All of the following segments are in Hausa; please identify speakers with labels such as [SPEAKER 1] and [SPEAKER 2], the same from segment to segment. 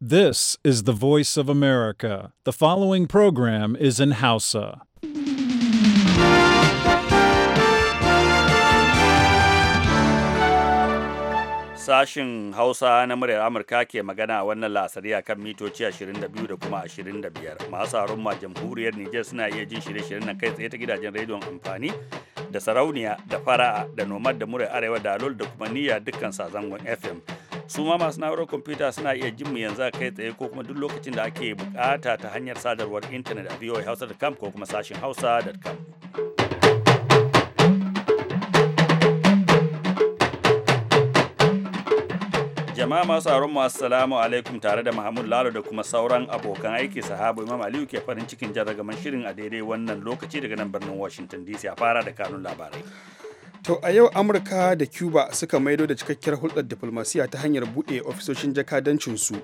[SPEAKER 1] This is the voice of America. The following program is in Hausa.
[SPEAKER 2] Sashin Hausa na muryar Amurka ke magana a wannan lasari a kan mitoci 22 da kuma 25. Masu harun ma jamhuriyar Nijar suna iya jin shirye-shiryen na kai tsaye ta gidajen rediyon amfani da sarauniya da fara'a da nomad da muryar arewa da alol da kuma niyya dukkan sazangon FM. su ma masu na'urar kwamfuta suna iya jin mu yanzu a kai tsaye ko kuma duk lokacin da ake bukata ta hanyar sadarwar intanet a voahausa.com ko kuma sashin hausa.com jama'a masu aron mu assalamu alaikum tare da mahamud Lalo da kuma sauran abokan aiki sahabu Imam Aliyu ke farin cikin jarragaman shirin a daidai wannan lokaci daga nan birnin Washington DC a fara da kanun labarai.
[SPEAKER 3] To a yau Amurka da Cuba suka maido da cikakkiyar hulɗar diflomasiya ta hanyar buɗe ofisoshin jakadancinsu.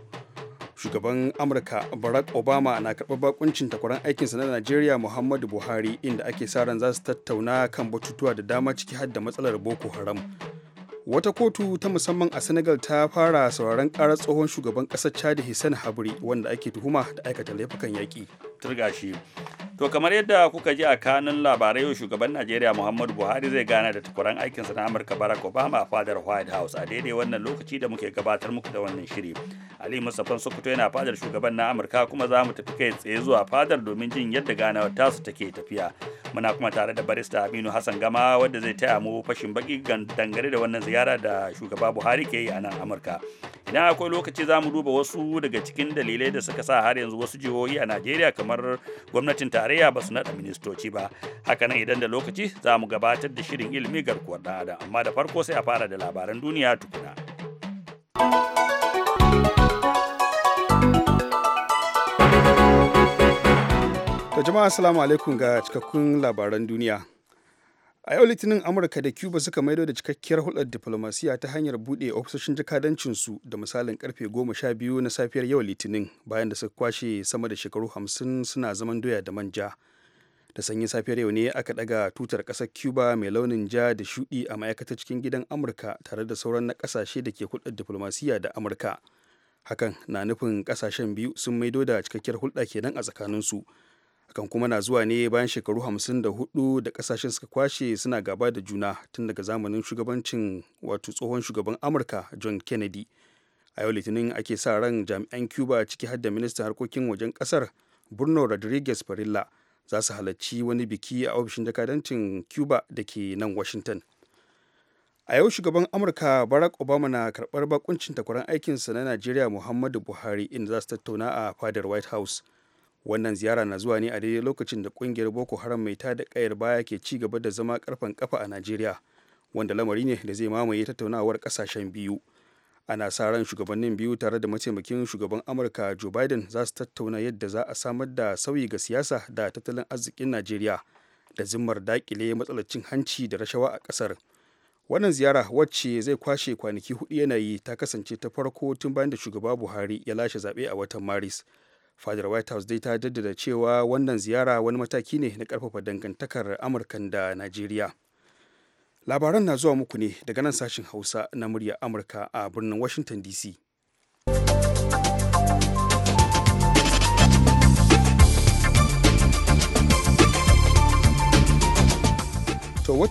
[SPEAKER 3] Shugaban Amurka Barack Obama na karɓar bakuncin takwaran aikinsa na Najeriya Muhammadu Buhari inda ake sa ran za su tattauna kan batutuwa da dama ciki har da matsalar Boko Haram. wata kotu ta musamman a senegal ta fara sauraron karar tsohon shugaban kasar chad hisan habri wanda ake tuhuma da aikata laifukan yaƙi turga
[SPEAKER 2] to kamar yadda kuka ji a kanun labarai shugaban najeriya muhammadu buhari zai gana da tukuran aikinsa na amurka barack obama a fadar white house a daidai wannan lokaci da muke gabatar muku da wannan shiri ali mustapha sokoto yana fadar shugaban na amurka kuma za mu tafi kai tsaye zuwa fadar domin jin yadda ganawar tasu take tafiya muna kuma tare da barista aminu hassan gama wadda zai taya mu fashin baki dangane da wannan ziyara da shugaba buhari ke yi a nan amurka idan akwai lokaci za mu duba wasu daga cikin dalilai da suka sa har yanzu wasu jihohi a najeriya kamar gwamnatin tarayya ba su naɗa ministoci ba haka hakanan idan da lokaci za mu gabatar da shirin ilimi garkuwar ɗan adam amma da farko sai a fara da labaran duniya tukuna
[SPEAKER 3] jama'a assalamu alaikum ga cikakkun labaran duniya a yau litinin amurka da cuba suka maido da cikakkiyar hulɗar diflomasiya ta hanyar buɗe ofisoshin jakadancinsu da misalin karfe goma sha biyu na safiyar yau litinin bayan da suka kwashe sama da shekaru hamsin suna zaman doya da manja da sanyin safiyar yau ne aka ɗaga tutar ƙasar cuba mai launin ja da shuɗi a ma'aikatar cikin gidan amurka tare da sauran na ƙasashe da ke hulɗar diflomasiya da amurka hakan na nufin ƙasashen biyu sun maido da cikakkiyar hulɗa kenan a tsakaninsu su kan kuma na zuwa ne bayan shekaru 54 da kasashen suka kwashe suna gaba da juna tun daga zamanin shugabancin wato tsohon shugaban amurka john kennedy a yau litinin ake sa ran jami'an cuba ciki har da ministan harkokin wajen kasar bruno rodriguez farilla za su halarci wani biki a ofishin jakadancin cuba da ke nan washington a yau shugaban amurka barack obama na karbar bakuncin takwaran aikinsa na najeriya muhammadu buhari inda za su tattauna a fadar white house wannan ziyara na zuwa ne a daidai lokacin da kungiyar boko haram mai ta da kayar baya ke ci gaba da zama karfan kafa a najeriya wanda lamari ne da zai mamaye tattaunawar kasashen biyu ana sa ran shugabannin biyu tare da mataimakin shugaban amurka joe biden za su tattauna yadda za a samar da sauyi ga siyasa da tattalin arzikin najeriya da zimmar dakile matsalar cin hanci da rashawa a kasar wannan ziyara wacce zai kwashe kwanaki hudu yanayi ta kasance ta farko tun bayan da shugaba buhari ya lashe zaɓe a watan maris fadar white house dai ta jaddada cewa wannan ziyara wani mataki ne na karfafa dangantakar amurkan da najeriya labaran na zuwa muku ne daga nan sashen hausa na murya amurka a birnin washington dc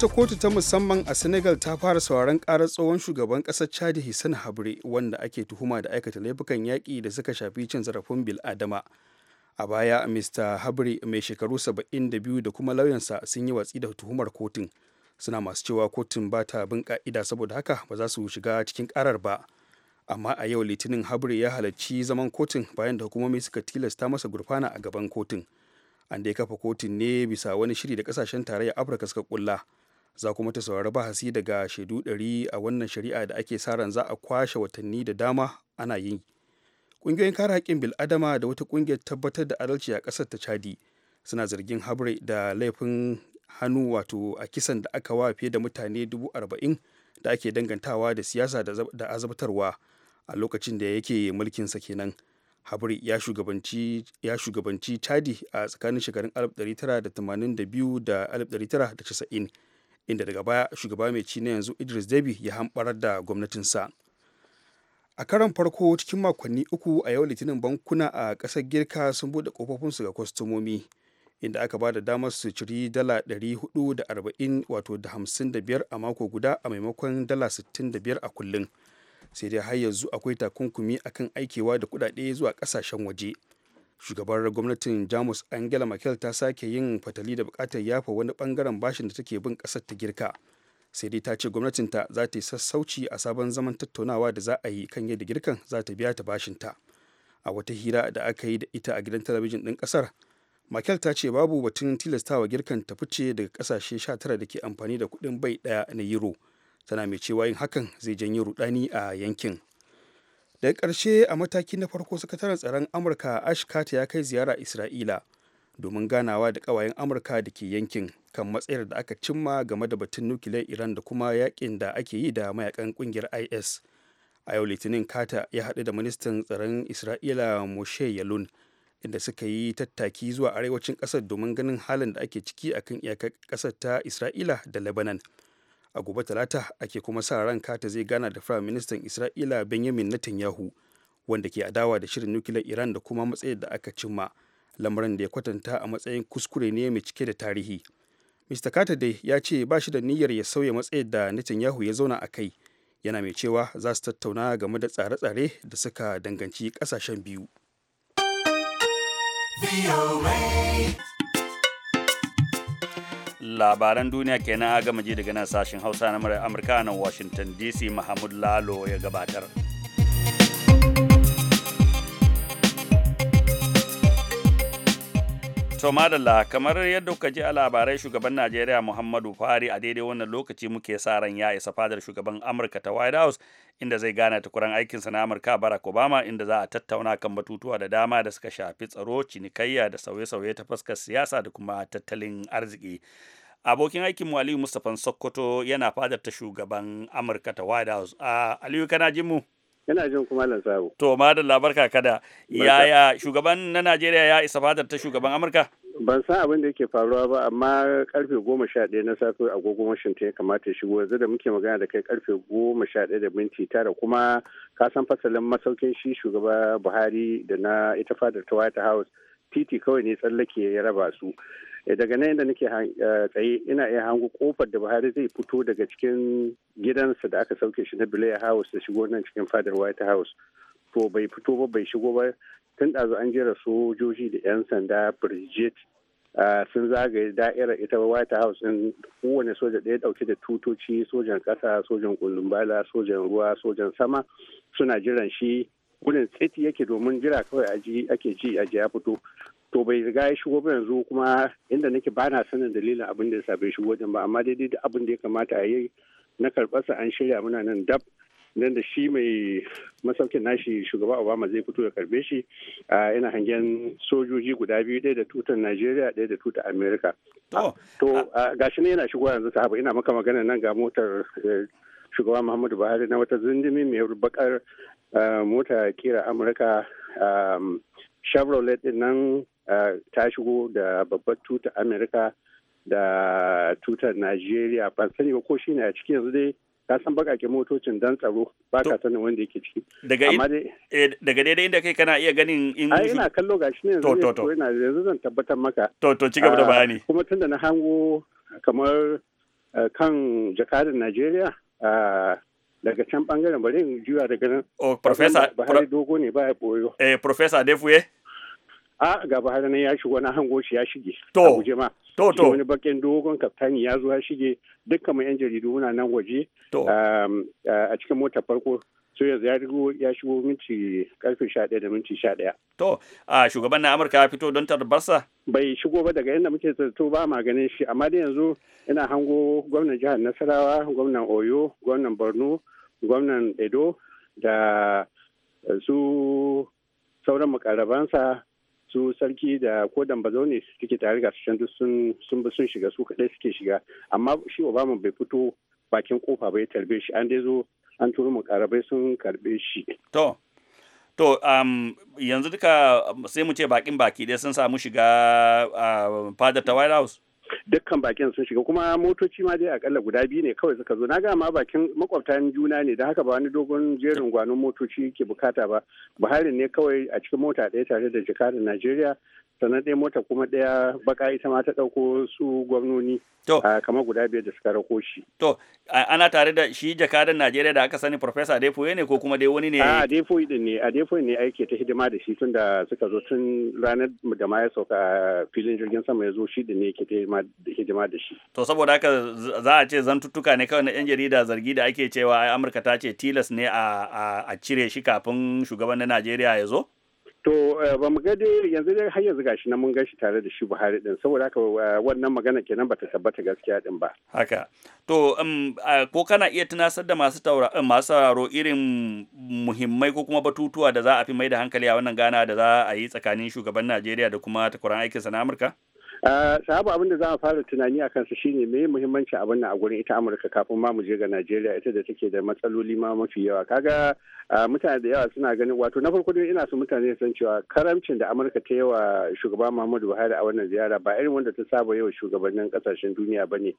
[SPEAKER 3] wata kotu ta musamman a senegal ta fara sauraron karar tsohon shugaban kasar chadi hisan habre wanda ake tuhuma da aikata laifukan yaƙi da suka shafi cin zarafin bil adama a baya mr habre mai shekaru 72 da kuma lauyansa sun yi watsi da tuhumar kotun suna masu cewa kotun ba ta bin ka'ida saboda haka ba za su shiga cikin karar ba amma a yau litinin habre ya halarci zaman kotun bayan da hukumomi suka tilasta masa gurfana a gaban kotun an dai kafa kotun ne bisa wani shiri da kasashen tarayyar afirka suka kulla za kuma ta saurari bahasi daga shaidu ɗari a wannan shari'a da ake sa ran za a kwashe watanni da dama ana yin! ƙungiyoyin kare haƙƙin bil'adama da wata ƙungiyar tabbatar da adalci a ƙasar ta chadi suna zargin habre da laifin hannu wato a kisan da aka wa fiye da mutane dubu arba'in da ake dangantawa da siyasa da azabtarwa a lokacin da yake mulkinsa kenan habri ya shugabanci chadi a tsakanin shekarun 1982 da 1990 inda daga baya shugaba mai ci na yanzu idris debi ya hamɓarar da gwamnatinsa a karan farko cikin makonni uku a yau litinin bankuna a ƙasar girka sun buɗe ƙofofinsu ga kwastomomi inda aka ba da damar su ciri dala 440 wato da 55 a mako guda a maimakon dala 65 a kullum sai dai har yanzu akwai takunkumi akan aikewa da kuɗaɗe zuwa ƙasashen waje. shugabar gwamnatin jamus angela merkel ta sake yin fatali da bukatar yafa wani bangaren bashin da take bin kasar ta girka sai dai ta ce gwamnatinta za ta yi sassauci a sabon zaman tattaunawa da za a yi kan yadda girkan za ta biya ta bashin ta a wata hira da aka yi da ita a gidan talabijin din kasar makel ta ce babu batun tilastawa girkan ta fice daga ƙasashe 19 da ke amfani da kuɗin bai daya na euro tana mai cewa yin hakan zai janyo rudani a yankin daga karshe a mataki na farko sakataren tsaron amurka ashkata ya kai ziyara isra'ila domin ganawa da ƙawayen amurka da ke yankin kan matsayar da aka cimma game da batun nukiliyar iran da kuma yakin da ake yi da mayakan kungiyar is a yau litinin kata ya haɗu da ministan tsaron isra'ila moshe yalun inda suka yi tattaki zuwa arewacin ƙasar domin ganin halin da ake ciki akan iyakar ƙasar ta isra'ila da lebanon a gobe talata ake kuma sa ran kata zai gana da firayim ministan isra'ila benjamin netanyahu wanda ke adawa da shirin nukiliyar iran da kuma matsayin da aka cimma lamarin da ya kwatanta a matsayin kuskure ne mai cike da tarihi mr carter dai ya ce ba shi da niyyar ya sauya matsayin da netanyahu ya zauna a kai yana mai cewa za su tattauna game da tsare-tsare da suka danganci kasashen biyu.
[SPEAKER 2] labaran duniya kenan a gama ji daga nan sashen hausa na murar amurka nan washington dc mahmud lalo ya gabatar to madalla kamar yadda kuka ji a labarai shugaban najeriya muhammadu fari a daidai wannan lokaci muke sa ran ya isa fadar shugaban amurka ta white house inda zai gana kuran aikinsa na amurka barack obama inda za a tattauna kan batutuwa da dama da suka shafi tsaro cinikayya da sauye-sauye ta fuskar siyasa da kuma tattalin arziki abokin aikin mu aliyu mustapha sokoto yana fadar ta shugaban amurka ta white house uh, aliyu kana jin mu yana jin kuma Allah sabu to madan labarka kada
[SPEAKER 4] yaya
[SPEAKER 2] shugaban na najeriya ya isa fadar ta shugaban amurka
[SPEAKER 4] ban san abin da yake faruwa ba amma karfe goma na safe agogon washington ya kamata ya shigo yanzu da muke magana da kai karfe goma da minti tara kuma ka san fasalin masaukin shi shugaba buhari da na ita fadar ta white house titi kawai ne tsallake ya raba su eh, daga nan da nake eh, tsaye ina iya hango kofar da buhari zai fito daga cikin gidansa da aka sauke shi na blair house da shigo nan cikin fadar white house to bai fito ba bai shigo ba tun ɗazu an jera sojoji da 'yan sanda brigitte eh, sun zagaye da'irar ita white house in kowane soja ɗaya ɗauke da tutoci sojan ƙasa sojan kundumbala sojan ruwa sojan sama suna jiran shi gudun tsaiti yake domin jira kawai aji ake ji aji ya fito to bai riga ya shigo ba yanzu kuma inda nake ba na sanin dalilin abin da ya sa bai shigo wajen ba amma daidai da abin da ya kamata a yi na karɓarsa an shirya muna nan dab nan da shi mai masaukin nashi shugaba obama zai fito ya karbe shi a ina hangen sojoji guda biyu ɗaya da tutar najeriya ɗaya da tutar america to gashi ne yana shigo yanzu sahaba ina maka magana nan ga motar eh, shugaba muhammadu buhari na wata zindimi mai bakar eh, mota kira amurka um, chevrolet din nan eh, ta shigo da babbar tuta amurka da tutar Najeriya ban sani ba ko shine a ciki yanzu dai ka san ke motocin dan tsaro ba ka sanin wanda yake ciki daga
[SPEAKER 2] eh, daga daidai inda kai kana iya ganin in ai ina
[SPEAKER 4] kallo gashi ne yanzu yanzu zan tabbatar maka to to ci gaba da ah, bayani kuma tunda na hango kamar kan jakarin Najeriya daga can bangaren bari in juya daga nan. Oh, Profesa. Bahari dogo ne baya boyo. Eh, Profesa Defuye. A ga Bahari nan ya shigo na hango shi ya shige. To. Abuja ma. To to. Wani bakin dogon kaftani ya zo ya shige dukkan mu yan jaridu muna nan waje. To. A cikin mota farko su yanzu ya rigo ya shigo minti karfe 11 da minti 11 to
[SPEAKER 2] a shugaban na amurka ya fito don tarbarsa
[SPEAKER 4] bai shigo ba daga inda muke zato ba ma ganin shi amma dai yanzu ina hango gwamnan jihar nasarawa gwamnan oyo gwamnan borno gwamnan edo da eh, su sauran makarabansa su sarki da kodan dambazo ne suke tare ga can duk sun bi sun shiga su kadai suke shiga amma shi obama bai fito bakin kofa bai tarbe shi an dai zo an turo mu karabai sun karbe shi
[SPEAKER 2] to To, um, yanzu duka sai mu ce bakin baki dai sun samu shiga uh, fadar ta White House?
[SPEAKER 4] Dukkan bakin sun shiga kuma motoci ma dai akalla guda biyu ne kawai suka zo. Na ga ma bakin makwabtan juna ne da haka ba wani dogon jerin gwanon motoci ke bukata ba. Buhari ne kawai a cikin mota ɗaya tare da jikadar Najeriya sannan ɗaya mota kuma ɗaya baka ita ma ta ɗauko su gwamnoni ah, kama guda biyar da suka rako shi.
[SPEAKER 2] To, ana tare da shi jakadan Najeriya da aka sani Profesa Adefoye ne ko kuma dai wani ne? A ah,
[SPEAKER 4] Adefoye ne, Adefoye ne aiki ta hidima da shi tun da suka zo tun ranar da ma ya sauka ah, filin jirgin sama ya zo shi da ne yake ta hidima da shi.
[SPEAKER 2] To, saboda haka za a ce zantuttuka ne kawai na 'yan jarida zargi da ake cewa Amurka ta ce tilas ne a cire shi kafin shugaban na Najeriya ya zo?
[SPEAKER 4] To eh, ba mu gade yanzu dai har yanzu gashi na mun gashi tare da shi Buhari din saboda haka eh, wannan magana kenan bata tabbata gaskiya din ba. Haka.
[SPEAKER 2] To um, eh, ko kana iya tunasar da masu taura masu sauraro irin muhimmai ko kuma batutuwa da za a fi mai da hankali a wannan gana da za a yi tsakanin shugaban Najeriya da kuma takwaran aikinsa na Amurka?
[SPEAKER 4] Eh, sahabu abin da za a fara tunani a kansa shine mai muhimmanci abin nan a gurin ita amurka kafin ma mu je ga najeriya ita da take da matsaloli ma mafi yawa kaga eh, mutane da yawa suna ganin wato na farko dai ina so mutane san cewa karamcin da amurka ta yawa shugaba muhammadu buhari a wannan ziyara ba irin wanda ta saba yawa shugabannin kasashen duniya bane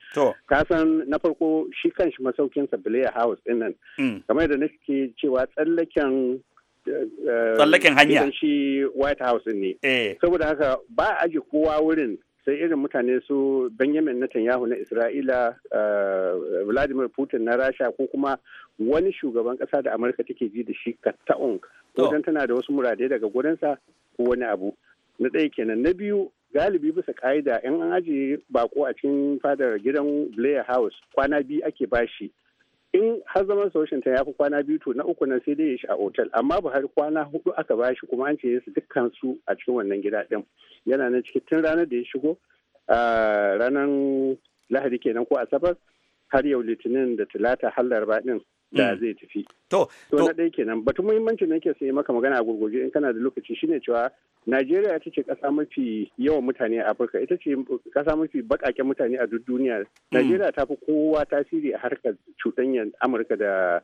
[SPEAKER 4] ka san na farko shi kanshi sa blair house din nan mm. kamar da nake cewa tsallaken eh, tsallaken hanya shi white house ne saboda haka ba a aji kowa wurin sai irin mutane su benjamin netanyahu na isra'ila eh, vladimir putin na rasha ko kuma wani shugaban kasa da amurka take ji da shi katta'un ko don tana da wasu muradai daga gurinsa ko wani abu na ɗaya kenan na biyu galibi bisa ka'ida in an ajiye bako a cikin fadar gidan blair house kwana biyu ake bashi in har zaman solution ta ya fi kwana biyu to na uku nan sai dai ya shi a otal amma har kwana hudu aka ba shi kuma an ce su dukkan su a cikin wannan gida din yana nan cikin tun ranar da ya shigo a ranar lahadi kenan ko asabar har yau litinin da talata har laraba din da hmm. zai tafi to na ɗaya kenan batun muhimmancin da ke sai maka magana a gurguje in kana da lokaci shine cewa Najeriya ita ce ƙasa mafi yawan mutane a Afirka, ita ce ƙasa mafi baƙaƙen mutane a duk duniya. Hmm. Najeriya ta fi kowa tasiri a harkar cuɗanyar Amurka da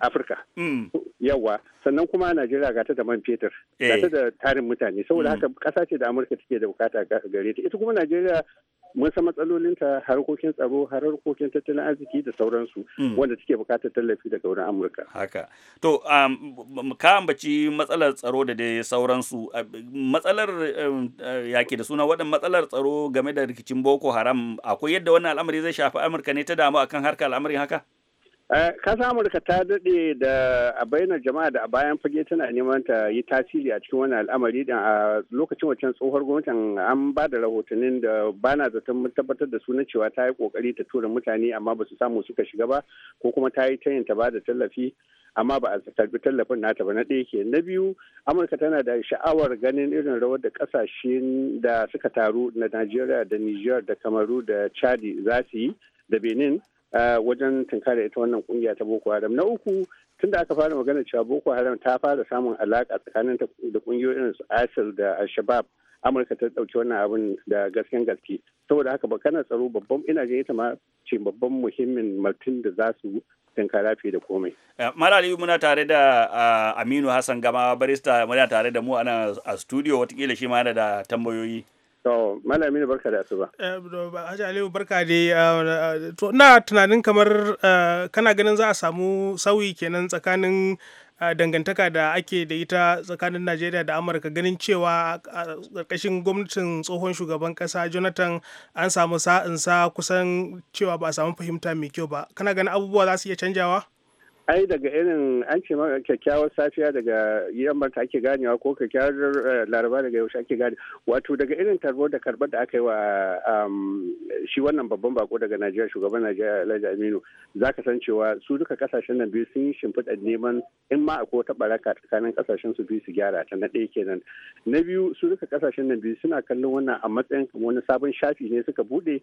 [SPEAKER 4] Afirka. Hmm. Yawa, sannan kuma Najeriya gata da man fetur, gata eh. da tarin mutane, saboda hmm. haka ƙasa ce da Amurka take da bukata gare ta. Ita kuma Najeriya mun san matsalolinta harkokin tsaro harkokin tattalin arziki da sauransu mm. wanda take bukatar tallafi daga wurin amurka haka
[SPEAKER 2] to um, ka ambaci matsalar tsaro da dai sauransu uh, matsalar um, uh, yake da suna wadannan matsalar tsaro game da rikicin boko haram akwai yadda wannan al'amari zai shafi amurka ne ta damu akan harkar al'amarin haka
[SPEAKER 4] kasa eh, amurka ta daɗe da a bayyana jama'a da a bayan fage tana neman ta yi tasiri a cikin wani al'amari da a lokacin wancan tsohuwar gwamnatin an ba da rahotannin da ba na zaton tabbatar da suna cewa ta yi kokari ta tura mutane amma ba su samu suka shiga ba ko kuma ta yi tayin ta ba da tallafi amma ba a karbi tallafin nata ba na ɗaya ke na biyu amurka tana da sha'awar ganin irin rawar da ƙasashen da suka taru na najeriya da niger da kamaru da chadi za su yi da benin wajen tunkara ita wannan kungiya ta boko haram na uku tunda aka fara magana cewa boko haram ta fara samun alaka tsakanin da kungiyoyin su isil da al-shabab amurka ta dauki wannan abun da gasken gaske saboda haka bakanar tsaro babban ina je ita ma ce babban muhimmin martin da za su tunkara fiye da komai.
[SPEAKER 2] Eh, Malali muna tare da Aminu Hassan Gama barista muna tare da mu a studio kila shi ma da tambayoyi. To,
[SPEAKER 4] malami barka da asuba.
[SPEAKER 1] Eh, Hajji Aliyu barka da ah, ah, To, ina tunanin kamar ah, kana ganin za a samu sauyi kenan tsakanin dangantaka da ake da ita tsakanin Najeriya da Amurka ganin cewa a ƙarƙashin gwamnatin tsohon shugaban ƙasa Jonathan an samu sa'insa kusan cewa ba a samu fahimta mai kyau ba. Kana ganin abubuwa za su iya canjawa?
[SPEAKER 4] ai daga irin an ce kyakkyawar safiya daga yamma ta ake ganewa ko kyakkyawar eh, laraba daga yaushe ake gane wato daga irin tarbo da karbar da aka yi wa um, shi wannan babban bako daga najeriya shugaban najeriya alhaji aminu za ka san cewa su duka kasashen nan biyu sun yi shimfiɗa neman in ma akwai wata baraka tsakanin kasashen su biyu su gyara ta na ɗaya kenan na biyu su duka kasashen nan biyu suna kallon wannan a matsayin wani sabon shafi ne suka buɗe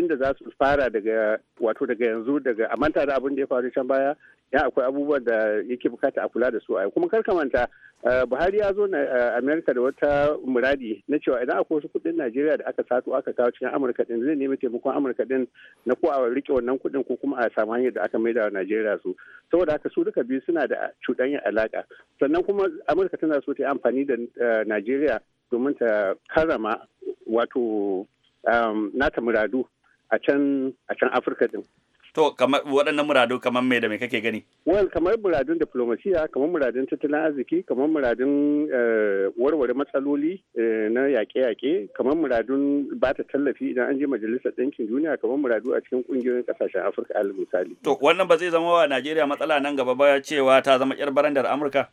[SPEAKER 4] inda za su fara daga wato daga yanzu daga a manta da abin da ya faru can baya ya akwai abubuwan da yake bukata a kula da su a kuma kar manta eh, buhari ya zo na eh, amerika da wata muradi na cewa idan akwai wasu kudin najeriya da aka sato aka kawo cikin amurka din zai nemi taimakon amurka din na ko a rike wannan kudin ko kuma a samu hanyar da aka maida wa najeriya su saboda haka su duka biyu suna da cuɗanyar alaka sannan kuma amurka tana so ta yi amfani da eh, najeriya domin ta karama wato um, nata muradu a can a can afirka din to
[SPEAKER 2] kamar waɗannan muradu kamar me da me kake gani
[SPEAKER 4] well kamar muradun diplomasiya kamar muradun tattalin arziki kamar muradun eh, warware matsaloli eh, na yaƙe-yaƙe kamar muradun ba ta tallafi idan an je majalisar ɗinkin duniya kamar muradu a cikin ƙungiyoyin ƙasashen afirka alal misali
[SPEAKER 2] to wannan ba zai zama wa najeriya matsala nan gaba ba cewa ta zama yar barandar amurka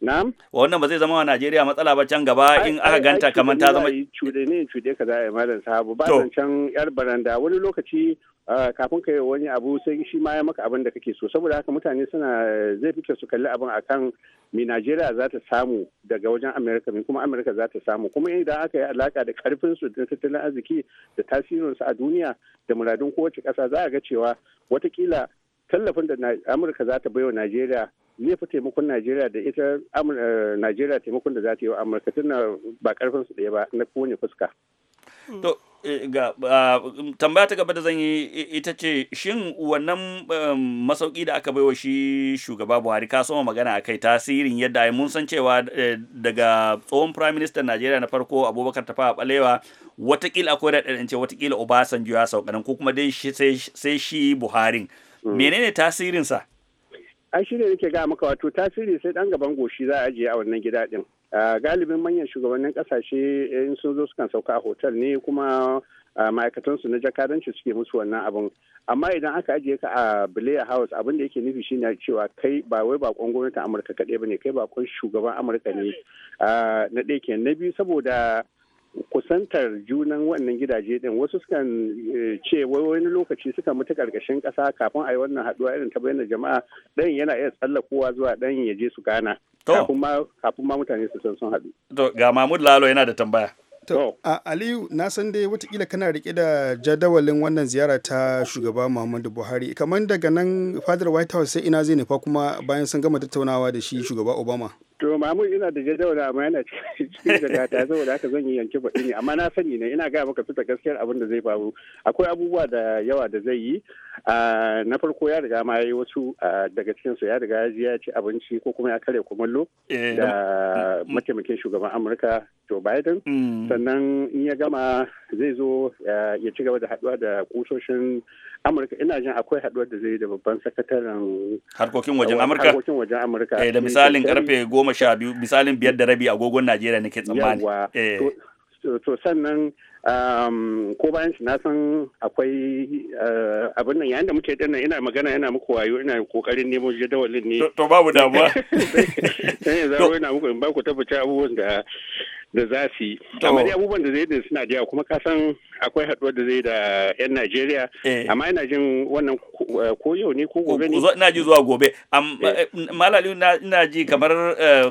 [SPEAKER 2] Na'am. Wannan ba zai zama wa Najeriya matsala ba can gaba in aka ganta kamar ta zama
[SPEAKER 4] cuɗe ne cuɗe kaza yi malam sahabu ba zan can yar baranda wani lokaci uh, kafin ka yi wani abu sai shi ma ya maka abin da kake so saboda haka mutane suna zai fi su kalli abin akan me Najeriya za ta samu daga wajen Amerika me kuma Amerika za ta samu kuma idan aka yi alaka da karfin su da tattalin arziki da tasirinsu a duniya da muradun kowace ƙasa za a ga cewa watakila tallafin da amurka za ta baiwa najeriya ne fi taimakon najeriya da ita eh, najeriya taimakon da za ta yi wa amurka tana ba karfin su ɗaya ba na kowane fuska
[SPEAKER 2] hmm. to eh, ga tambaya ta gaba da zan yi ita ce shin wannan um, masauki da aka baiwa shi shugaba buhari ka soma magana a kai tasirin yadda ai mun san cewa eh, daga tsohon prime minister najeriya na farko abubakar tafa a balewa watakila akwai da ce watakila obasanjo ya sauka ko kuma dai sai shi buharin Mm. menene tasirinsa
[SPEAKER 4] sa shirya shirya nake ga maka wato tasiri sai dan gaban goshi za a ajiye a wannan gida din galibin manyan shugabannin kasashe eh, in sun zo sukan sauka a hotel ne kuma ma'aikatan su na jakadanci suke musu wannan abin amma idan aka ajiye ka a Blair House abin da yake nufi shine cewa kai ba wai bakon gwamnatin Amurka kaɗai bane kai bakon shugaban Amurka ne na ɗaya kenan na biyu saboda kusantar junan wannan gidaje din wasu sukan eh, ce wani lokaci suka mutu karkashin kasa kafin a yi wannan haduwa irin ta bayyana jama'a dan yana iya tsallakowa zuwa dan ya je su gana kafin ma mutane su san sun haɗu.
[SPEAKER 3] to ga mahmud lalo yana da tambaya To, a Aliyu, na san dai watakila kana rike da jadawalin wannan ziyara ta shugaba Muhammadu Buhari. Kamar daga nan fadar White House sai ina zai nufa kuma bayan sun gama tattaunawa da shi shugaba Obama.
[SPEAKER 4] To mamu ina da jadawala amma yana cikin jagata saboda haka zan yi yanki baɗi ne amma na sani ne ina gaya maka fita gaskiyar abin da zai faru akwai abubuwa da yawa da zai yi na farko ya riga ma yi wasu daga cikin su ya riga ya ya ci abinci ko kuma ya karya kumallo
[SPEAKER 1] eh,
[SPEAKER 2] da mm.
[SPEAKER 4] mataimakin shugaban Amurka Joe Biden mm. sannan in ya gama zai zo ya ci gaba da haɗuwa da kusoshin amurka ina jin akwai haduwar da zai yi da babban sakataren harkokin wajen amurka harkokin wajen amurka eh da misalin karfe
[SPEAKER 2] goma sha biyu misalin biyar da rabi agogon najeriya nake tsammani eh
[SPEAKER 4] to sannan um, ko bayan shi na san akwai uh, abin nan yayin da muke dinnan ina magana yana muku wayo ina kokarin nemo jadawalin ne to babu damuwa dan zai ina muku in ba ku tabbata abubuwan da da za su yi amma dai abubuwan da zai da suna da yawa kuma kasan akwai haɗuwar da zai da yan najeriya eh. amma ina jin wannan ko eh, yau ne ko gobe ne ina ji zuwa
[SPEAKER 2] gobe eh. malali ina ji kamar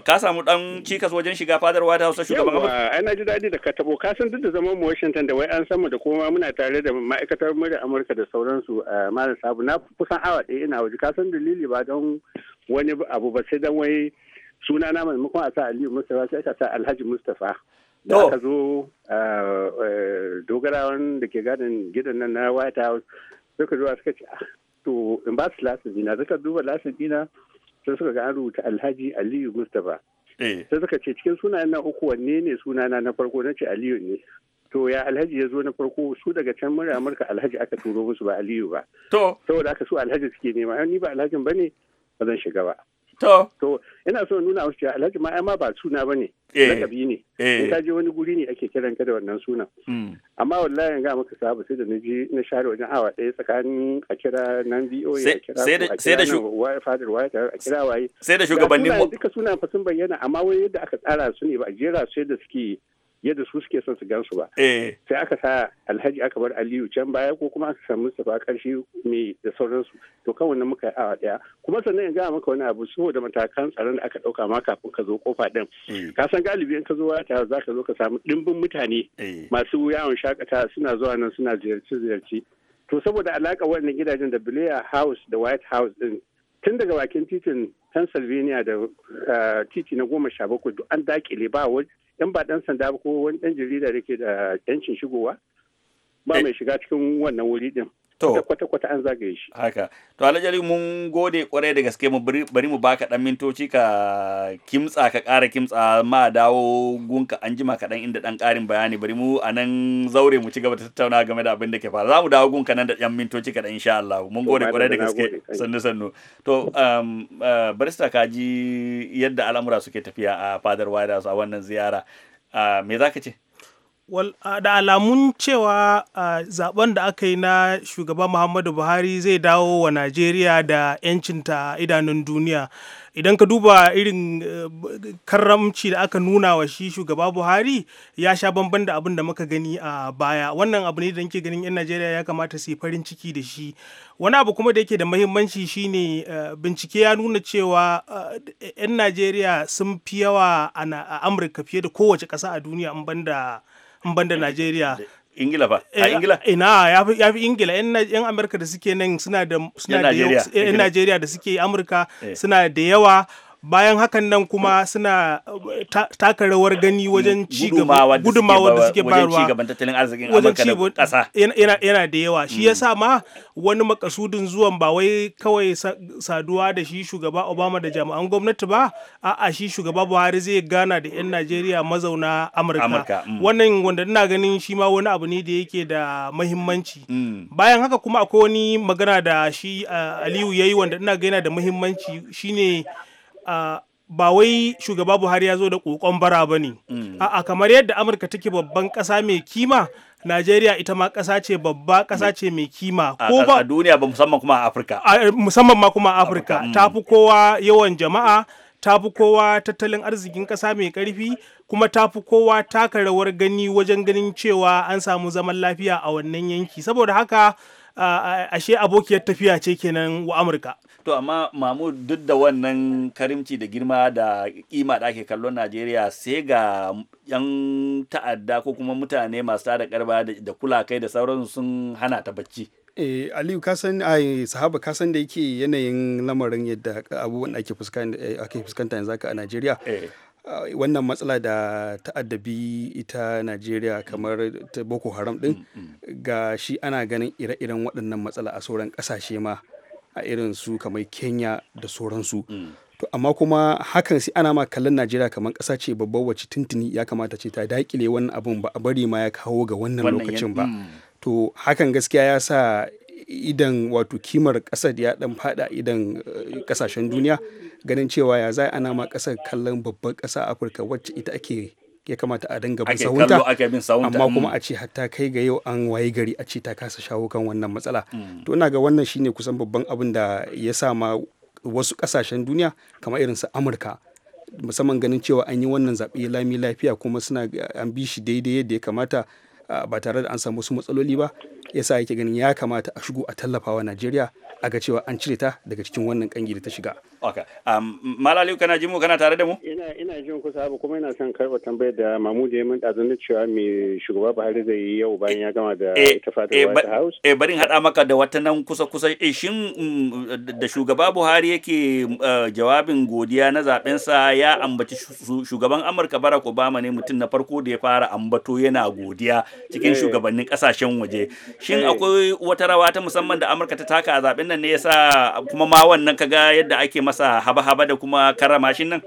[SPEAKER 2] ka samu dan cikas wajen shiga fadar wata hausa shugaban amurka
[SPEAKER 4] ina ji daɗi da ka tabo kasan duk da zaman mu washington da wai an mu da kuma muna tare da ma'aikatar murya amurka da sauransu malam sabu na kusan awa ɗaya ina waje kasan dalili ba don wani abu ba sai don wai suna na maimakon a sa aliyu mustapha sai aka sa alhaji mustapha da aka zo ah, eh, dogarawan da ke gadin gidan nan na white house suka zo suka ce ah, to in ba su lasifina suka duba lasifina sai suka ga an rubuta alhaji aliyu mustapha eh. sai suka ce cikin sunayen na uku wanne ne sunana na farko na ce aliyu ne to ya alhaji ya zo na farko su daga can murya amurka alhaji aka turo musu ba aliyu ba to saboda aka su alhaji suke nema ni ba alhajin ba ne ba zan shiga ba To. To ina so nuna wasu cewa Alhaji ma ma ba suna ba ne. Eh. Lakabi ne. Eh. In ka je wani guri ne ake kiran ka da wannan sunan. Hmm. Amma wallahi ga maka sabu sai da na je na share wajen awa ɗaya tsakanin a kira nan VOA a kira sai da fadar waya a kira waye. Sai da shugabannin mu. Duka sunan fa sun bayyana amma wani yadda aka tsara su ne ba a jera su yadda suke yadda su suke son su gan su ba eh. sai aka sa alhaji aka bar aliyu can baya ko kuma aka samu mustapha karshe mai da sauransu to kan wannan muka awa daya kuma sannan in gaya maka wani abu saboda matakan tsaron da aka dauka ma kafin ka zo kofa din eh. ka san galibi in ka zo wata za ka zo ka samu dimbin mutane eh. masu yawon shakata suna zuwa nan suna ziyarci ziyarci to saboda alaka wannan gidajen da Blair House da White House din tun daga bakin titin Pennsylvania da titi na goma sha bakwai an dakile ba yan ba dan sanda ko wani dan jarida da ke da yancin shigowa ba eh. mai shiga cikin wannan wuri din To. kwata-kwata an zagaye shi.
[SPEAKER 2] Haka. To alajali mun gode kwarai da gaske mu bari mu baka dan mintoci ka kimtsa ka kara kimtsa ma dawo gunka an jima kaɗan inda dan karin bayani bari mu a zaure mu ci gaba da tattauna game da abin da ke faru. Za mu dawo gunka nan da ɗan mintoci kaɗan insha Allah. Mun gode kwarai da gaske sannu sannu. To um, uh, barista ka ji yadda al'amura suke tafiya a fadar wada a wannan ziyara. Uh, me za ka ce?
[SPEAKER 1] da alamun cewa zaben da aka yi na shugaba muhammadu buhari zai dawo wa najeriya da 'yancinta idanun duniya idan ka duba irin e, karramci da aka nuna wa shi shugaba buhari ya sha bamban da abin da muka gani a baya wannan abu ne da nke ganin 'yan najeriya ya kamata su yi farin ciki da shi wani abu kuma da yake da mahimmanci shine e, bincike ya nuna cewa 'yan e, najeriya sun fi yawa a amurka fiye da kowace ƙasa a duniya in banda banda Najeriya
[SPEAKER 2] Ingila ba a eh, Ingila
[SPEAKER 1] ina ya fi Ingila yan Amurka Amerika da suke nan suna da Yan Najeriya. Eh, yan Najeriya da suke Amurka eh. suna da yawa bayan hakan nan kuma hmm. suna taka rawar gani hmm. wajen gudumawa da suke bayarwa wajen tattalin arzikin amurka yana da yawa shi yasa hmm. ma wani makasudin zuwan ba wai kawai saduwa da shi shugaba obama da jami'an gwamnati ba a'a shi shugaba buhari zai gana da 'yan najeriya mazauna amurka wannan wanda ina ganin shi ma wani abu ne da yake da mahimmanci bayan haka kuma akwai wani magana da shi aliyu ya yi wanda ina ga yana da mahimmanci shine ba wai shugaba buhari ya zo da kokon bara ba ne mm. a'a kamar yadda amurka take babban kasa mai kima najeriya ita ma kasa ce babba kasa ce mai kima ko ba a duniya ba musamman kuma a afirka musamman ma kuma a afirka mm. ta fi kowa yawan jama'a ta fi kowa tattalin arzikin kasa mai karfi. kuma ta fi kowa taka rawar gani wajen ganin cewa an samu zaman lafiya a wannan yanki saboda haka ashe abokiyar tafiya ce kenan wa amurka
[SPEAKER 2] to amma mamu duk da wannan karimci da girma da kima da ake kallon najeriya sai ga yan ta'adda ko kuma mutane masu tada karba da kulakai da sauran sun hana ta bacci
[SPEAKER 3] eh, aliyu kasan ai sahaba kasan da yake yanayin lamarin yadda abubuwan eh, ake fuskanta yanzu haka a najeriya eh. wannan matsala da ta'addabi ita najeriya kamar ta boko haram din mm, mm. ga shi ana ganin ire-iren waɗannan matsala a sauran ƙasashe ma a irin su kamar kenya da sauransu mm. to amma kuma hakan sai ana ma kallon najeriya kamar ƙasa ce babbar wacce tuntuni ya kamata ce ta daƙile wannan abun ba a bari ma ya kawo ga wannan lokacin ba to hakan gaskiya ya sa idan wato kimar kasar ya ɗan faɗa idan kasashen eh, duniya ganin cewa ya za ana ma kasar kallon babban kasa afirka wacce ita ake ya kamata a dinga bin sahunta amma mm. kuma a ce hatta kai ga yau an waye gari a ce ta kasa shawo kan wannan matsala mm. to ina ga wannan shine kusan babban abin da ya sa ma wasu kasashen duniya kamar irin su amurka musamman ganin cewa an yi wannan zaɓe lami lafiya kuma suna an bi shi daidai yadda ya kamata ah, ba tare da an samu wasu matsaloli ba yasa yake ganin ya kamata a shigo a tallafawa Najeriya a ga cewa an cire ta daga cikin wannan kangi da
[SPEAKER 4] ta shiga.
[SPEAKER 2] Ok. Um, Malaliu kana jin mu kana tare da mu?
[SPEAKER 4] Ina ina jin kusa abu kuma ina son karɓar tambayar da da ya min ɗazu cewa mai shugaba Buhari zai yi yau bayan ya gama da eh, ita fatar eh, White House.
[SPEAKER 2] Eh bari haɗa maka da wata nan kusa kusa eh shin mm, da shugaba Buhari yake eh, jawabin godiya na zaben sa ya ambaci shugaban Amurka Barack Obama ne mutum na farko da ya fara ambato yana godiya cikin shugabannin kasashen waje. shin eh. akwai wata rawa ta musamman da amurka ta taka a zaben nan ne yasa kuma ma wannan kaga yadda ake masa haba-haba da kuma karama shin nan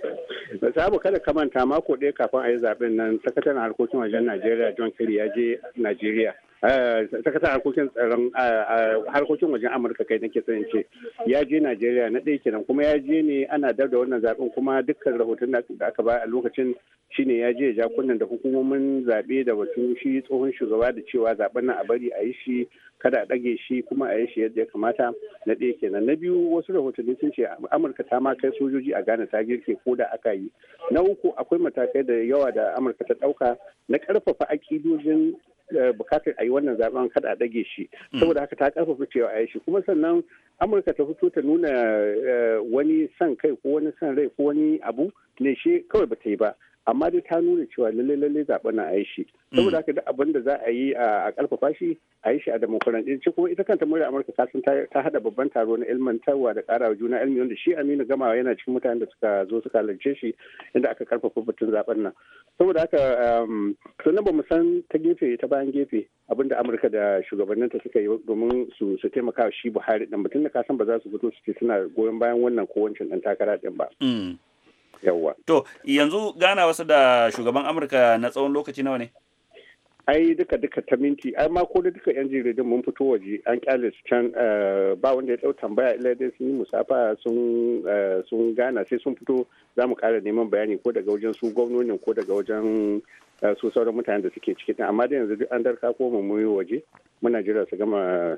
[SPEAKER 4] sabu kada ka manta mako ɗaya kafin a yi zaben nan sakataren harkokin wajen najeriya john kerry ya je najeriya Eh, sakataren harkokin tsaron eh, eh, harkokin wajen amurka kai nake sanin ce ya je najeriya na ɗaya kenan kuma ya je ne ana dab da wannan zaɓen kuma dukkan rahoton da aka ba a lokacin shine ya je ja kunnan da hukumomin zaɓe da wasu shi tsohon shugaba da cewa zaben nan a bari a yi shi kada a ɗage shi kuma a yi shi yadda ya kamata na ɗaya kenan na biyu wasu rahotanni sun ce amurka ta ma kai sojoji a ghana ta girke ko da aka yi na uku akwai matakai da yawa da amurka ta ɗauka na ƙarfafa akidojin Eh, bukatar a yi wannan zaben kada a dage shi mm. saboda haka ta karfafa cewa a yi shi kuma sannan amurka ta fito ta nuna eh, wani son kai ko wani san rai ko wani abu ne shi kawai ba ta yi ba amma dai ta nuna cewa lalle lalle zaɓen na yi shi mm. saboda haka duk abin da za a yi a ƙarfafa shi a yi shi a demokuraɗiyya kuma ita kanta murya amurka ta san ta haɗa babban taro na ilmantarwa da ƙarawa juna ilmi wanda shi aminu gamawa yana cikin mutanen da suka zo suka halarce shi inda aka ƙarfafa batun zaɓen nan saboda haka um, sannan ba mu san ta gefe ta bayan gefe abin da amurka da shugabanninta suka yi domin su su taimaka shi buhari ɗin mutum da kasan ba za su fito su ce suna goyon bayan wannan ko wancan ɗan takara ɗin ba. Mm. yawa
[SPEAKER 2] to yanzu gana wasu da shugaban amurka na tsawon lokaci nawa ne
[SPEAKER 4] ai duka duka ta minti ai ma ko da duka yan jiridin mun fito waje an kyale su can eh, ba wanda ya dau tambaya ila dai sun yi musafa eh, sun gana sai sun fito za mu kara neman bayani ko daga wajen su gwamnonin ko daga wajen eh, su sauran mutanen da suke ciki amma da yanzu an darka ko mu yi waje muna jira su gama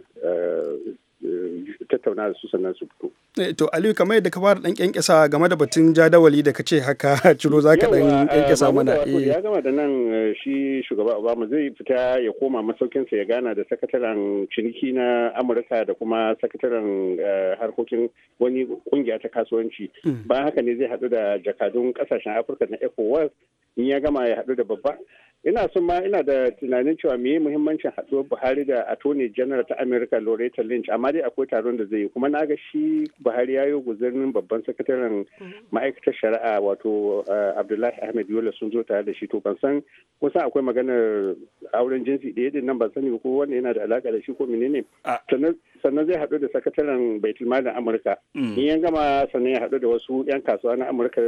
[SPEAKER 4] Eh, tattauna da su sannan su fito.
[SPEAKER 3] Eh, to aliyu kamar yadda ka fara dan kyankyasa game da batun jadawali da ka ce haka ciro za ka dan kyankyasa eh, mana ya
[SPEAKER 4] gama da nan shi shugaba obama zai fita ya koma masaukinsa ya gana da sakataren ciniki na amurka da kuma sakataren harkokin wani kungiya ta kasuwanci hmm. ba haka ne zai haɗu da jakadun ƙasashen afirka na ecowas in ya gama ya haɗu da babba ina son ma ina da tunanin cewa me muhimmancin haɗuwar buhari da attorney general ta america loretta lynch amma dai akwai taron da zai yi kuma na ga shi buhari ya yi guzirin babban sakataren ma'aikatar shari'a wato eh, abdullahi ahmed yola sun zo tare da shi to ban san kusa akwai maganar auren jinsi ɗaya din nan ban sani ko wanda yana da alaka da shi ko menene sannan zai haɗu da sakataren baitulmal na amurka mm. in ya gama sannan ya haɗu da wasu 'yan kasuwa na amurka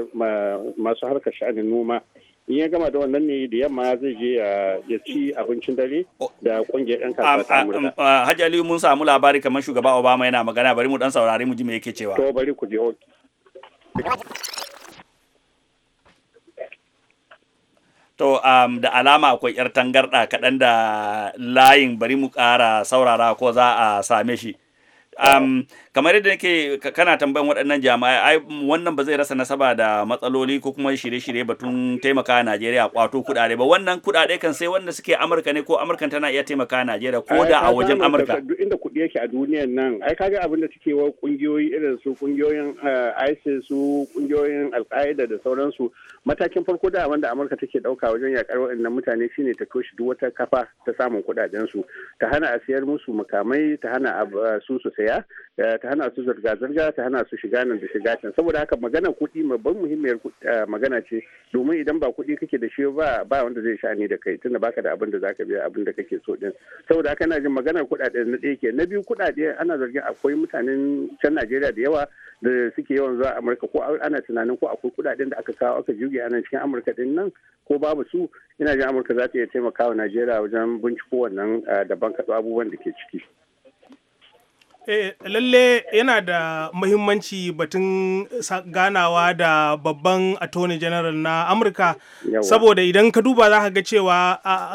[SPEAKER 4] masu harkar sha'anin noma in ya gama da wannan ne da yamma zai je ya ci abincin dare oh. da kungiyar 'yan kasuwa ta amurka
[SPEAKER 2] hajji aliyu mun samu labari kamar shugaba obama yana magana bari mu dan saurari mu ji me yake cewa to bari ku je To um, da alama akwai yar tangarɗa kaɗan da layin bari mu ƙara saurara ko za a same shi. Um, kamar yadda nake kana tambayan waɗannan jami'ai ai wannan ba zai rasa nasaba da matsaloli ko kuma shirye-shirye batun taimaka Najeriya kwato kuɗaɗe ba wannan kuɗaɗe kan sai wanda suke Amurka ne ko Amurka tana iya taimaka Najeriya ko da a wajen Amurka duk
[SPEAKER 4] inda kuɗi yake a duniyar nan ai kaga abin da suke wa kungiyoyi irin su kungiyoyin eh, ISIS su kungiyoyin al da sauransu matakin farko da wanda Amurka take dauka wajen yakar waɗannan mutane shine ta toshe duk wata kafa ta samun kuɗaɗen su ta hana a siyar musu makamai ta hana eh, su su saya eh, ta hana su zirga-zirga ta hana su shiga nan da shiga can saboda haka magana kuɗi babban muhimmiyar eh, magana ce domin idan ba kuɗi kake da shi ba ba wanda zai sha'ani da kai tunda baka da abin da zaka biya abin da kake so din saboda haka ina jin maganar kuɗaɗe na ɗaya ke na biyu kuɗaɗe ana zargin akwai mutanen can Najeriya da yawa da suke yawan zuwa Amurka ko ana tunanin ko akwai kuɗaɗen da aka kawo aka juge a nan cikin Amurka din nan ko babu su ina jin Amurka za ta iya taimakawa Najeriya wajen binciko wannan eh, daban banka abubuwan da ke ciki.
[SPEAKER 1] Eh, lalle yana da mahimmanci batun ganawa da babban attorney general na amurka saboda idan ka duba za ka ga cewa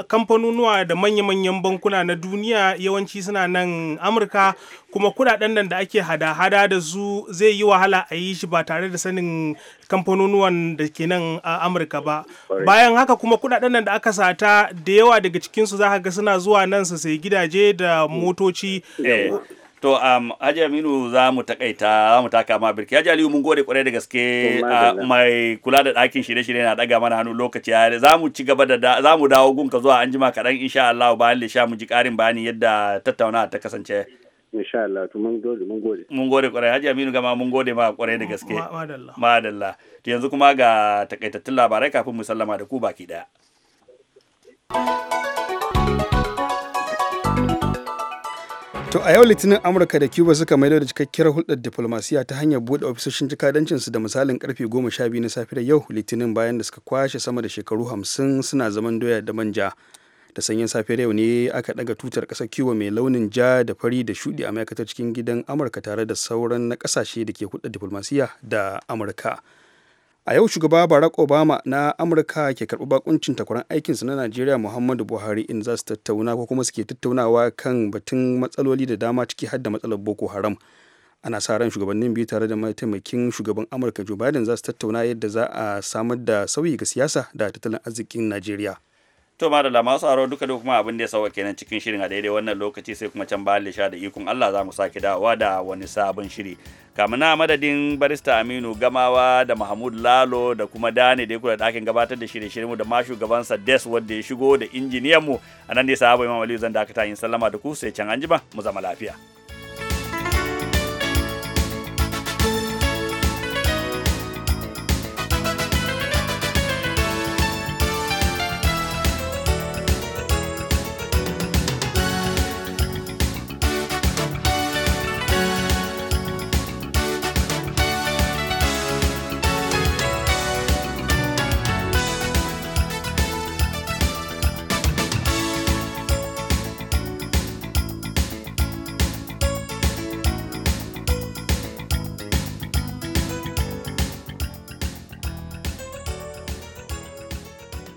[SPEAKER 1] kamfanonuwa da manya-manyan bankuna na duniya yawanci suna nan amurka kuma kudaden nan da ake hada-hada da su zai yi wahala a yi shi ba tare da sanin kamfanonuwan da ke nan a amurka ba bayan haka kuma kudaden nan da aka sata da yawa daga cikinsu za ka ga suna zuwa nan su sai gidaje da motoci
[SPEAKER 2] To um, Haji Aminu za mu takaita za mu taka ma birki. Haji Aliyu mun gode kwarai da gaske ah, mai kula da ɗakin shirye-shirye na daga mana hannu lokaci ya za mu ci gaba da za mu dawo gunka zuwa anjima kaɗan insha Allah bayan sha mu ji ƙarin bayani yadda tattaunawa ta kasance. Insha Allah to mun gode mun gode. Mun gode kwarai Haji Aminu gama mun gode ma kwarai da gaske. Madalla. Madalla. To yanzu kuma ga takaitattun labarai kafin mu sallama da ku baki ɗaya.
[SPEAKER 3] To a yau Litinin Amurka da Cuba suka maido da cikakkiyar hulɗar diflomasiya ta hanyar buɗe ofisoshin jikadancinsu da misalin karfe 12 na safiyar yau Litinin bayan da suka kwashe sama da shekaru 50 suna zaman doya da manja. Da sanyin safiyar yau ne aka ɗaga tutar ƙasar Cuba mai launin ja da fari da shuɗi a ma'aikatar cikin gidan Amurka tare da sauran na ƙasashe da ke hulɗar diflomasiya da Amurka. A yau Shugaba Barack Obama na Amurka ke karɓar bakuncin takwaran aikinsa na Najeriya Muhammadu Buhari in za su tattauna ko kuma suke tattaunawa kan batun matsaloli da dama ciki har da matsalar Boko Haram. Ana sa ran shugabannin biyu tare da mataimakin shugaban Amurka Joe Biden za su tattauna yadda za a samar da sauyi ga siyasa da tattalin arzikin Najeriya.
[SPEAKER 2] to ma da lamasu aro duka da kuma abin da ya sauka kenan cikin shirin a daidai wannan lokaci sai kuma can bayan lisha da ikon Allah za mu sake dawowa da wani sabon shiri kamuna madadin barista Aminu Gamawa da Mahmud Lalo da kuma Dani da ya kula da ɗakin gabatar da shirye mu da gaban sa Des wanda ya shigo da injiniyan mu a nan ne sabon Imam Aliyu zan dakata yin sallama da ku sai can anjima mu zama lafiya